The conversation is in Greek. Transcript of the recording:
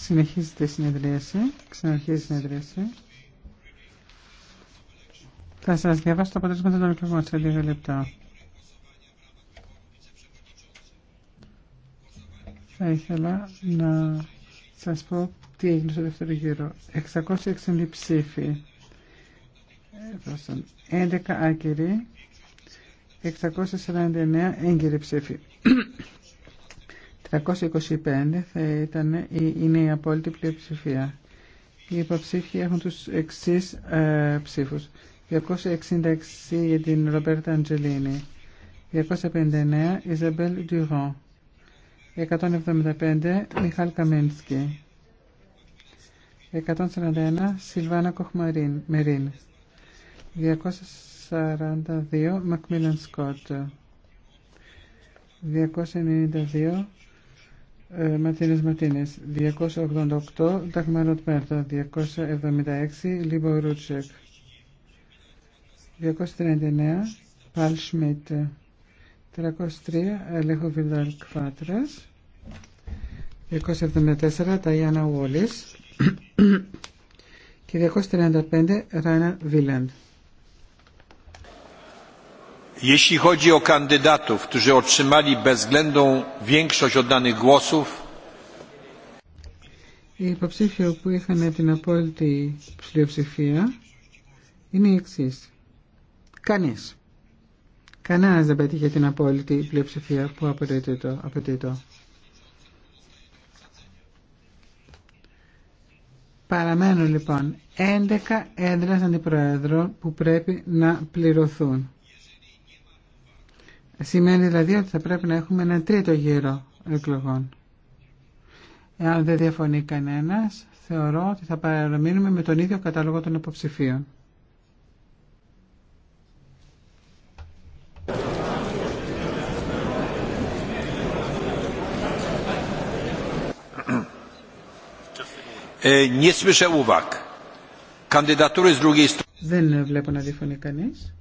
Συνεχίζεται η συνεδρίαση. Ξαναρχίζει η συνεδρίαση. Θα σα διαβάσω το αποτέλεσμα των εκλογών σε λίγα λεπτά. Θα ήθελα να σα πω τι έγινε στο δεύτερο γύρο. 660 ψήφοι. Έδωσαν 11 άκυροι, 649 έγκυροι ψήφοι. 725 θα ήταν, είναι η απόλυτη πλειοψηφία. Οι υποψήφοι έχουν τους εξής ε, ψήφους. 266 για την Ρομπέρτα Αντζελίνη. 259 Ιζαμπέλ Ντουρόν. 175 Μιχάλ Καμίνσκι. 141 Σιλβάνα Κοχμαρίν Μερίν. 242 Μακμίλαν Σκότ. 292 ε, Ματίνε Ματίνε. 288 Νταγμαρότ Μέρτα 276 Λίμπο Ρούτσεκ 239 Παλ Σμιτ 303 Ελέχο Βιδάλ Κφάτρας 274 Ταϊάννα Βόλη. και 235 Ράινα Βίλαντ Jeśli chodzi o kandydatów, którzy otrzymali bezwzględną większość oddanych głosów, οι υποψήφοι που είχαν την απόλυτη πλειοψηφία είναι οι εξή. Κανεί. Κανένα δεν πέτυχε την απόλυτη πλειοψηφία που απαιτεί το. Παραμένουν λοιπόν 11 έντρε αντιπροέδρων που πρέπει να πληρωθούν. Σημαίνει δηλαδή ότι θα πρέπει να έχουμε ένα τρίτο γύρο εκλογών. Εάν δεν διαφωνεί κανένας, θεωρώ ότι θα παραμείνουμε με τον ίδιο κατάλογο των υποψηφίων. Ε, δεν βλέπω να διαφωνεί κανείς.